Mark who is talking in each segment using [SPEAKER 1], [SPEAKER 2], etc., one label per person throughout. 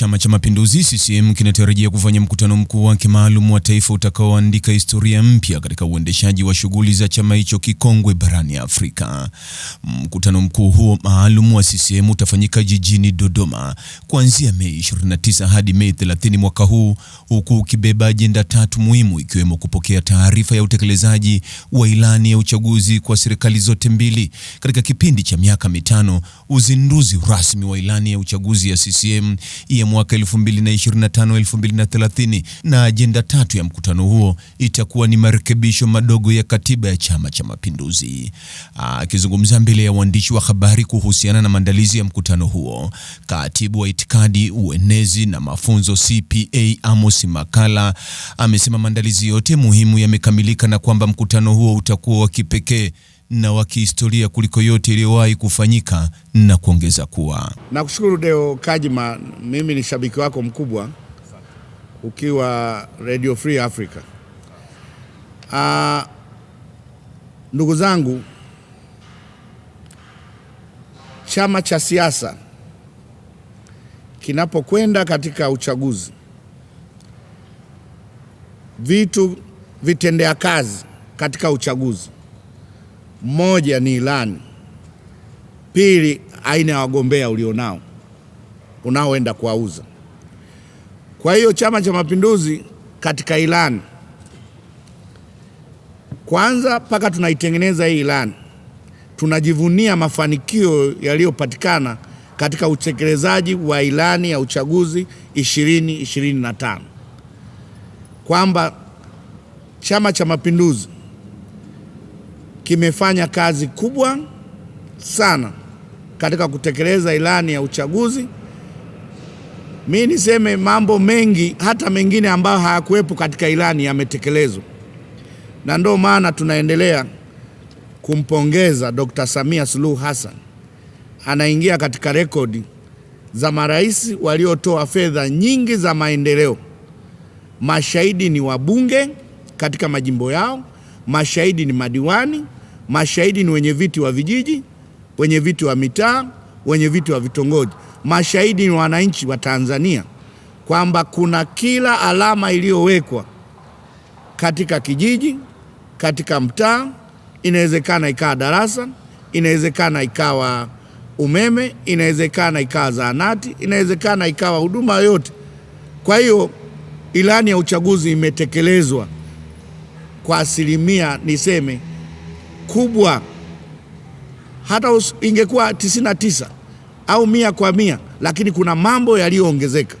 [SPEAKER 1] Chama cha Mapinduzi CCM kinatarajia kufanya mkutano mkuu wake maalum wa taifa utakaoandika historia mpya katika uendeshaji wa shughuli za chama hicho kikongwe barani Afrika. Mkutano mkuu huo maalum wa CCM utafanyika jijini Dodoma kuanzia Mei 29 hadi Mei 30 mwaka huu, huku ukibeba ajenda tatu muhimu ikiwemo kupokea taarifa ya utekelezaji wa ilani ya uchaguzi kwa serikali zote mbili katika kipindi cha miaka mitano, uzinduzi rasmi wa ilani ya uchaguzi ya CCM ya mwaka 2025-2030 na ajenda tatu ya mkutano huo itakuwa ni marekebisho madogo ya katiba ya Chama cha Mapinduzi. Ah, akizungumza mbele ya waandishi wa habari kuhusiana na maandalizi ya mkutano huo, katibu wa itikadi, uenezi na mafunzo CPA Amos Makala amesema maandalizi yote muhimu yamekamilika na kwamba mkutano huo utakuwa wa kipekee na wa kihistoria kuliko yote iliyowahi kufanyika na kuongeza kuwa.
[SPEAKER 2] Nakushukuru Deo Kajima, mimi ni shabiki wako mkubwa ukiwa Radio Free Africa. Uh, ndugu zangu, chama cha siasa kinapokwenda katika uchaguzi, vitu vitendea kazi katika uchaguzi moja ni ilani, pili aina ya wagombea ulionao unaoenda kuwauza. Kwa hiyo Chama cha Mapinduzi katika ilani kwanza, mpaka tunaitengeneza hii ilani, tunajivunia mafanikio yaliyopatikana katika utekelezaji wa ilani ya uchaguzi 2025 kwamba Chama cha Mapinduzi kimefanya kazi kubwa sana katika kutekeleza ilani ya uchaguzi. Mi niseme mambo mengi, hata mengine ambayo hayakuwepo katika ilani yametekelezwa, na ndio maana tunaendelea kumpongeza Dr. Samia Suluhu Hassan, anaingia katika rekodi za marais waliotoa fedha nyingi za maendeleo. Mashahidi ni wabunge katika majimbo yao, mashahidi ni madiwani. Mashahidi ni wenye viti wa vijiji, wenye viti wa mitaa, wenye viti wa vitongoji. Mashahidi ni wananchi wa Tanzania, kwamba kuna kila alama iliyowekwa katika kijiji, katika mtaa, inawezekana ikawa darasa, inawezekana ikawa umeme, inawezekana ikawa zahanati, inawezekana ikawa huduma yoyote. Kwa hiyo ilani ya uchaguzi imetekelezwa kwa asilimia niseme kubwa. Hata ingekuwa 99 au mia kwa mia, lakini kuna mambo yaliyoongezeka.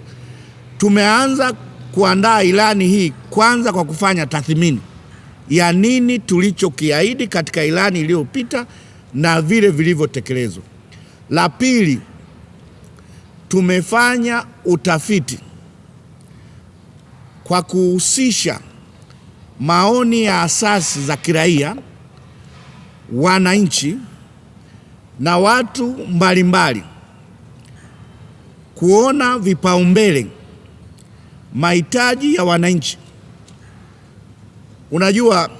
[SPEAKER 2] Tumeanza kuandaa ilani hii kwanza kwa kufanya tathmini ya nini tulichokiahidi katika ilani iliyopita na vile vilivyotekelezwa. La pili, tumefanya utafiti kwa kuhusisha maoni ya asasi za kiraia wananchi na watu mbalimbali mbali, kuona vipaumbele mahitaji ya wananchi. Unajua,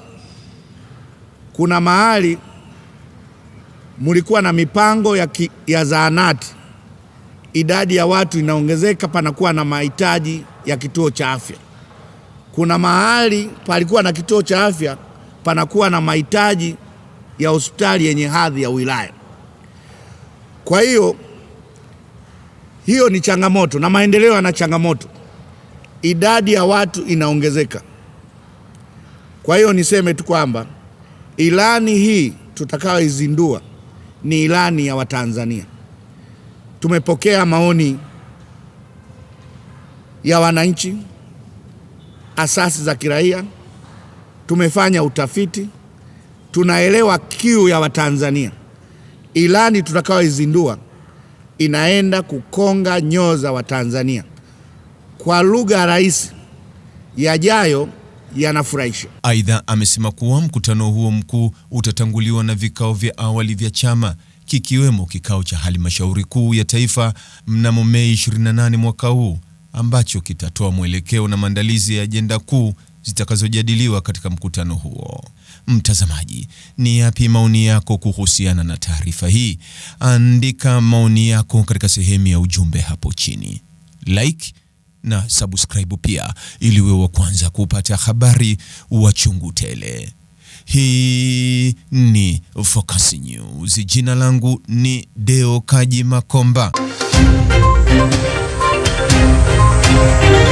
[SPEAKER 2] kuna mahali mulikuwa na mipango ya, ki, ya zahanati, idadi ya watu inaongezeka, panakuwa na mahitaji ya kituo cha afya. Kuna mahali palikuwa na kituo cha afya, panakuwa na mahitaji ya hospitali yenye hadhi ya wilaya. Kwa hiyo hiyo ni changamoto, na maendeleo yana changamoto. Idadi ya watu inaongezeka. Kwa hiyo niseme tu kwamba ilani hii tutakayoizindua ni ilani ya Watanzania. Tumepokea maoni ya wananchi, asasi za kiraia, tumefanya utafiti tunaelewa kiu ya Watanzania. Ilani tutakayoizindua inaenda kukonga nyoo za Watanzania. Kwa lugha rahisi, yajayo yanafurahisha.
[SPEAKER 1] Aidha, amesema kuwa mkutano huo mkuu utatanguliwa na vikao vya awali vya chama kikiwemo kikao cha halmashauri kuu ya taifa mnamo Mei 28 mwaka huu ambacho kitatoa mwelekeo na maandalizi ya ajenda kuu zitakazojadiliwa katika mkutano huo. Mtazamaji, ni yapi maoni yako kuhusiana na taarifa hii? Andika maoni yako katika sehemu ya ujumbe hapo chini, like na subscribe pia, ili uwe wa kwanza kupata habari wa chungu tele. Hii ni Focus News. Jina langu ni Deo Kaji Makomba. thank you